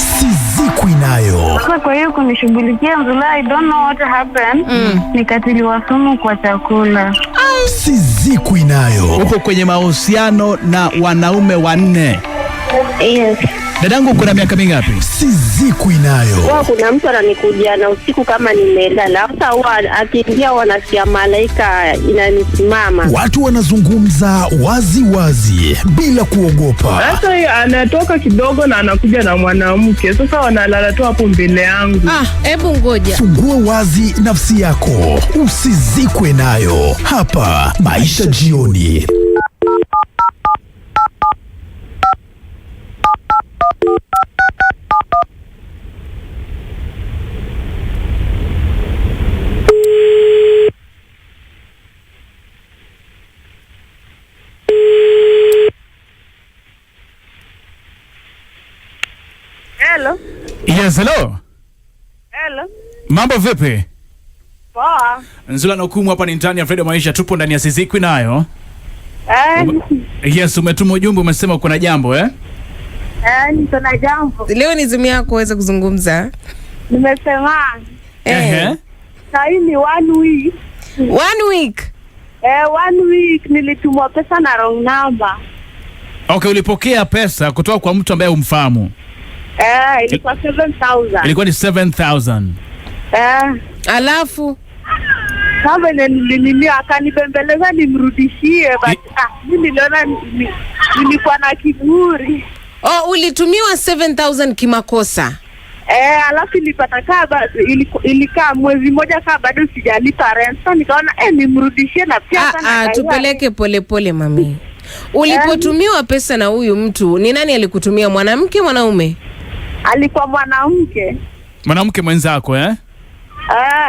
Sasa Kwa hiyo kunishughulikia Mzula, I don't know what happened. Mm. Nikatiliwa sumu kwa chakula. nayo Uko kwenye mahusiano na wanaume wanne. Yes. Dadangu, kuna miaka mingapi? si ziku inayo huwa kuna mtu ananikujia na usiku kama nimelala, hata huwa akiingia wanasikia malaika inanisimama. Watu wanazungumza wazi wazi bila kuogopa. Sasa anatoka kidogo na anakuja na mwanamke, sasa wanalala tu hapo mbele yangu. Ah, hebu ngoja, fungua wazi nafsi yako, usizikwe nayo hapa Maisha Jioni. Yes, hello. Hello. Mambo vipi? Poa. Nzula na Hukumu hapa ni ndani ya Fredo Maisha, tupo ndani ya Sizikwi nayo. Eh. Yes, umetuma ujumbe umesema kuna jambo eh? Eh, niko na jambo. Leo ni zimu yako uweze kuzungumza. Nimesema. Eh. Eh. Na hii ni one week. One week. Eh, one week nilitumwa pesa na wrong number. Okay, ulipokea pesa kutoka kwa mtu ambaye umfahamu. Eh, ilikuwa 7000. Ilikuwa ni 7000. Eh. Alafu kama nilininio akanibembeleza nimrudishie, but ah, mimi niliona nilikuwa na kiburi. Oh, ulitumiwa 7000 kimakosa. Eh, alafu nilipata kaa ilikaa mwezi mmoja kaa bado sijalipa rent. So nikaona eh, nimrudishie na pia sana. Ah, ah tupeleke polepole mami. Eh. Ulipotumiwa pesa na huyu mtu, ni nani alikutumia, mwanamke mwanaume? alikuwa mwanamke mwanamke mwenzako eh?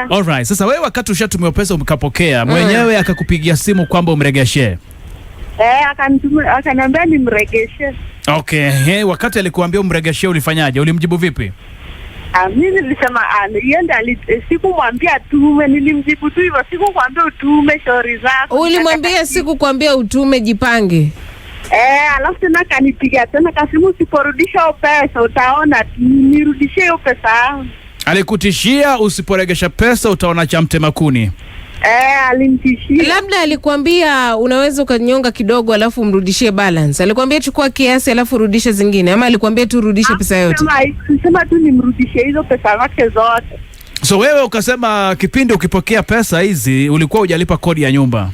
Ah. right. Sasa wewe wakati ushatumiwa pesa umkapokea mwenyewe mm. akakupigia simu kwamba umregeshe eh? Akaniambia akaniambia nimregeshe. Okay. Hey, wakati alikuambia umregeshe ulifanyaje? Ulimjibu vipi? Ah, mimi nilisema ah, yende ali, eh, sikumwambia tume, nilimjibu tu hivyo, sikukwambia utume shauri zako. Ulimwambia siku utume, jipange Eh, alafu tena kanipiga tena kasema, usiporudisha hiyo pesa utaona, nirudishie hiyo pesa Alikutishia usiporegesha pesa utaona cha mtema Eh, alinitishia. Labda alikwambia unaweza ukanyonga kidogo alafu mrudishie balance. Alikwambia chukua kiasi alafu rudisha zingine ama alikwambia tu rudisha pesa yote? Sema tu nimrudishie hizo pesa zake zote. So wewe ukasema kipindi ukipokea pesa hizi ulikuwa hujalipa kodi ya nyumba?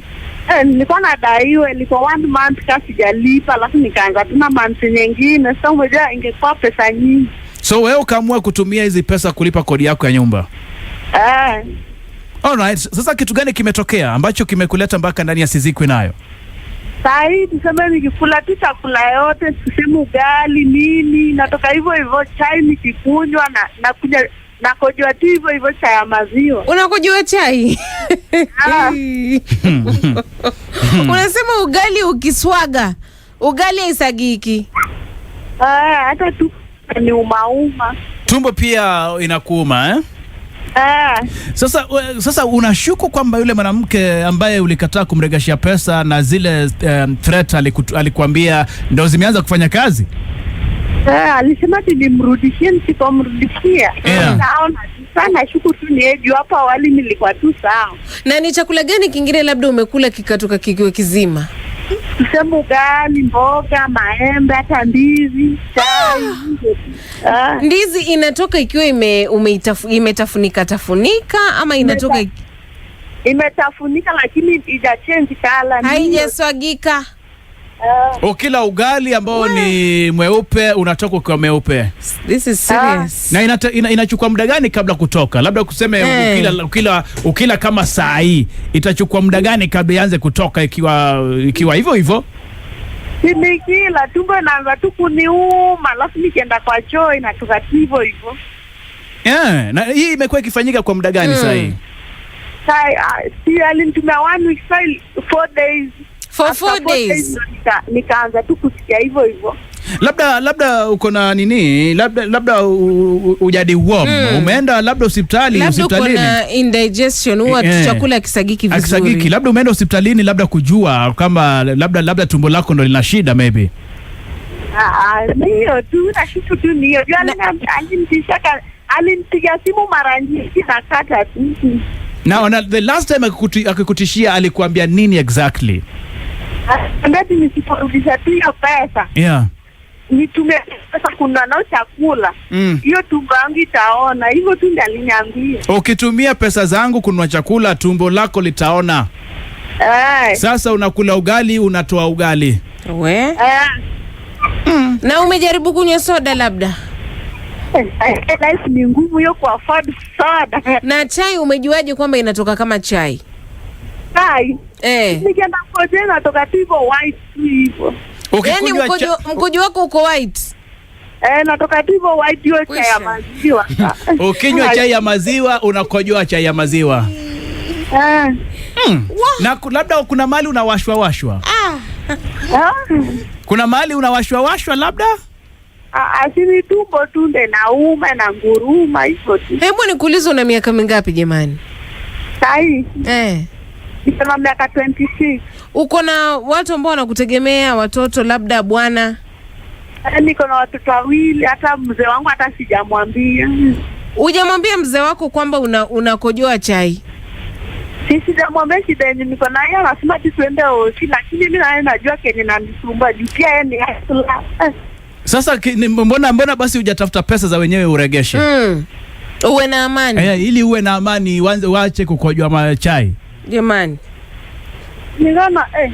Eh, nilikuwa nadaiwa ilikuwa one month ka sijalipa, alafu nikaanza tuna month nyingine. Sasa umejua ingekuwa pesa nyingi, so wewe ukaamua kutumia hizi pesa kulipa kodi yako ya nyumba eh. Alright, sasa kitu gani kimetokea ambacho kimekuleta mpaka ndani ya Sizikwi nayo? Saa hii tuseme, nikikula tu chakula yote, sisemu gali nini, natoka hivyo hivyo, chai nikikunywa na nakuja Nakojua tu hivyo hivyo cha ya maziwa. Unakojua chai? Ah. Unasema ugali ukiswaga, ugali haisagiki. Ah, hata tu ni umauma. Tumbo pia inakuuma eh? Ah. Sasa sasa unashuku kwamba yule mwanamke ambaye ulikataa kumregeshia pesa na zile um, threat alikuambia ndio zimeanza kufanya kazi? Eh, alisema ati nimrudishie, msipomrudishia Naona sana shuku tu ni eju. Hapo awali nilikuwa tu sawa. Na ni chakula gani kingine labda umekula kikatoka kikiwa kizima? Tuseme ugali, mboga, maembe, hata ndizi, chai. Ah. Ah. Ndizi inatoka ikiwa ime, umeitafu, imetafunika tafunika ama inatoka imetafunika, lakini ija change kala, haijaswagika Uh, Ukila ugali ambao ni mweupe unatoka ukiwa mweupe. This is serious. Ah. Na inata, ina, inachukua muda gani kabla kutoka? Labda kuseme hey. Eh. Ukila, ukila, ukila kama saa hii itachukua muda gani kabla ianze kutoka ikiwa ikiwa hivyo hivyo? Nimekila tumbo inaanza tu kuniuma, alafu nikienda kwa choo inatoka hivyo hivyo. Yeah. Na hii imekuwa ikifanyika kwa muda gani hmm, saa hii? Sai, uh, ah, si alinitumia one week, sai, four days for four days nikaanza tu kusikia hivyo hivyo labda labda uko na nini, labda labda ujadi warm mm. umeenda labda hospitali, hospitalini labda indigestion huwa e, chakula kisagiki vizuri, kisagiki labda umeenda hospitalini labda kujua kama labda labda tumbo lako ndo lina shida maybe. ah, ah ndio tu na kitu tu ndio ni hiyo, alinipiga simu mara nyingi na kata tu. Now, the last time akikutishia alikuambia nini exactly? Ngati nisiporudisha tu hiyo pesa yeah, nitumie pesa kununua chakula mm. hiyo, mm, tumbo yangu itaona hivyo tu, ndiyo aliniambia ukitumia pesa zangu kununua chakula tumbo lako litaona. Aye. Sasa unakula ugali unatoa ugali we. Mm. Na umejaribu kunywa soda labda? Ni nguvu hiyo kuafford soda. Na chai umejuaje kwamba inatoka kama chai? chai eh, nikienda mkojo natoka hivyo white hivyo. Yaani mkojo wako uko white eh? Natoka hivyo white, hiyo chai ya maziwa. Ukinywa chai ya maziwa unakojoa chai ya maziwa eh. Hmm. Na labda kuna mali unawashwa washwa ah. kuna mali unawashwa washwa labda asini tumbo tunde nauma na nguruma hivyo tu. Hebu nikuulize, una miaka mingapi jamani? Sahi eh Nisema miaka 26. Uko na watu ambao wanakutegemea watoto, labda bwana? Eh, niko na watoto wawili, hata mzee wangu hata sijamwambia. Hujamwambia mzee wako kwamba una, unakojoa chai? Si sijamwambia shida yenye niko nayo, anasema tu tuende hosi, lakini mimi naye najua kenye nanisumbua juu pia yeye ni eh. sasa ki, mbona mbona basi hujatafuta pesa za wenyewe uregeshe? Mm. Uwe na amani. Eh, ili uwe na amani waanze waache kukojwa machai. Jamani, ni eh. eh? kama eh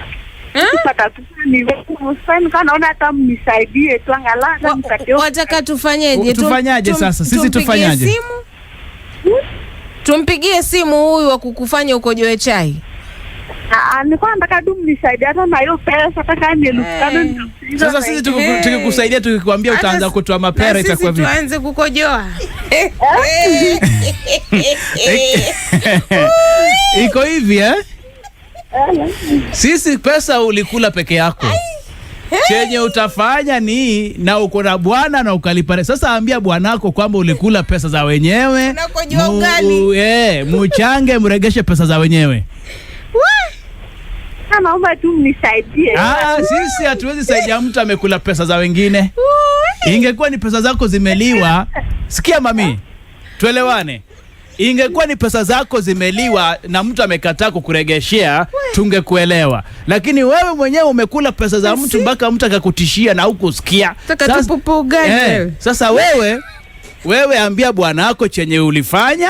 wataka tufanyeje? Tufanyaje sasa? Sisi tufanyaje? Simu hmm? tumpigie simu huyu wa kukufanya uko joe chai ah, ah, eh. sasa sisi tukikusaidia tukikwambia utaanza kutoa mapera itakuwa vipi? Tuanze kukojoa Iko hivi eh? Sisi pesa ulikula peke yako. Chenye utafanya ni na uko na bwana na ukalipa. Sasa ambia bwanako kwamba ulikula pesa za wenyewe mu, eh, muchange mregeshe pesa za wenyewe. Ah, naomba tu mnisaidie. Ah, sisi hatuwezi saidia mtu amekula pesa za wengine. Ingekuwa ni pesa zako zimeliwa. Sikia mami, tuelewane ingekuwa ni pesa zako zimeliwa na mtu amekataa kukuregeshea, tungekuelewa, lakini wewe mwenyewe umekula pesa za mtu mpaka mtu akakutishia na hukusikia. Sasa, eh, sasa wewe wewe ambia bwana wako chenye ulifanya,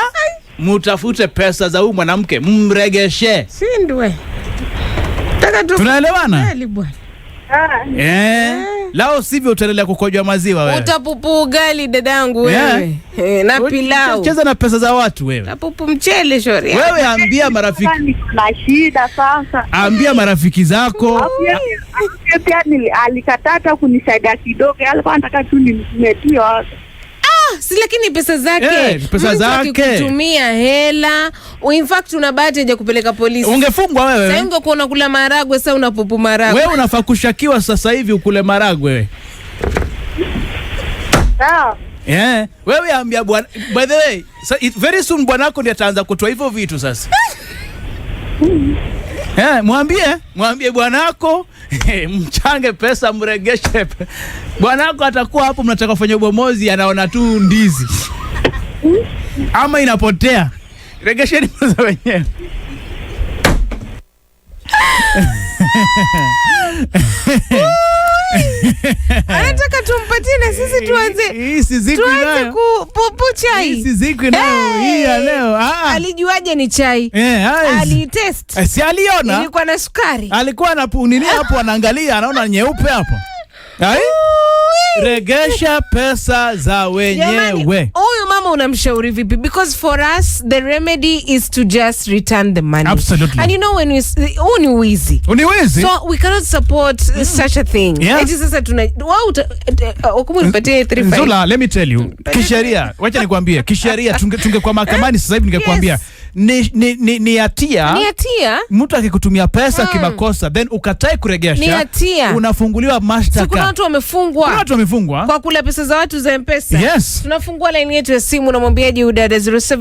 mutafute pesa za huyu mwanamke mregeshe. Tunaelewana? Eh. eh lao sivyo utaendelea kukojwa maziwa wewe. Utapupu ugali dadangu wewe. Yeah. Eh, na pilau. Cheza na pesa za watu wewe. Utapupu mchele shori. Wewe ambia marafiki. Na shida sasa. Ambia marafiki zako. Pia alikatata kunisaidia kidogo. Alikuwa anataka tu nimtie si lakini pesa zake yeah, pesa zake kutumia hela. In fact una bahati ya kupeleka polisi, ungefungwa wewe. Sasa ungekuwa unakula maragwe, sasa unapopu maragwe. Wewe unafaa kushakiwa sasa hivi ukule maragwe wewe. Sawa. Yeah. Wewe ambia bwana, by the way, so it very soon bwanako ndiye ataanza kutoa hivyo vitu sasa. Eh, yeah, mwambie, mwambie bwanako mchange pesa, mregeshe bwanako, atakuwa hapo. Mnataka kufanya ubomozi, anaona tu ndizi ama inapotea. Regesheni pesa wenyewe. Alijuaje ni chai? Eh, Alitest, eh, si aliona ilikuwa na sukari, alikuwa na nini hapo, anaangalia anaona nyeupe hapo regesha pesa za wenyewe. Huyu mama unamshauri vipi? Because for us the remedy is to just return the money. Absolutely. And you know when we huu ni wizi. Ni wizi. So we cannot support mm. such a thing. Yeah. Eti sasa tuna wao uh, hukumu nipatie 35. Eh, Zola, let me tell you. Kisheria, wacha nikwambie, kisheria tunge tunge kwa mahakamani sasa hivi ningekuambia. Yes ni, ni, ni, ni hatia. Mtu akikutumia pesa mm, kimakosa then ukatai kuregesha. Unafunguliwa mashtaka. watu wamefungwa. wamefungwa. Kwa kula pesa za watu za mpesa Yes. Tunafungua laini yetu ya simu na mwambiaji udada 07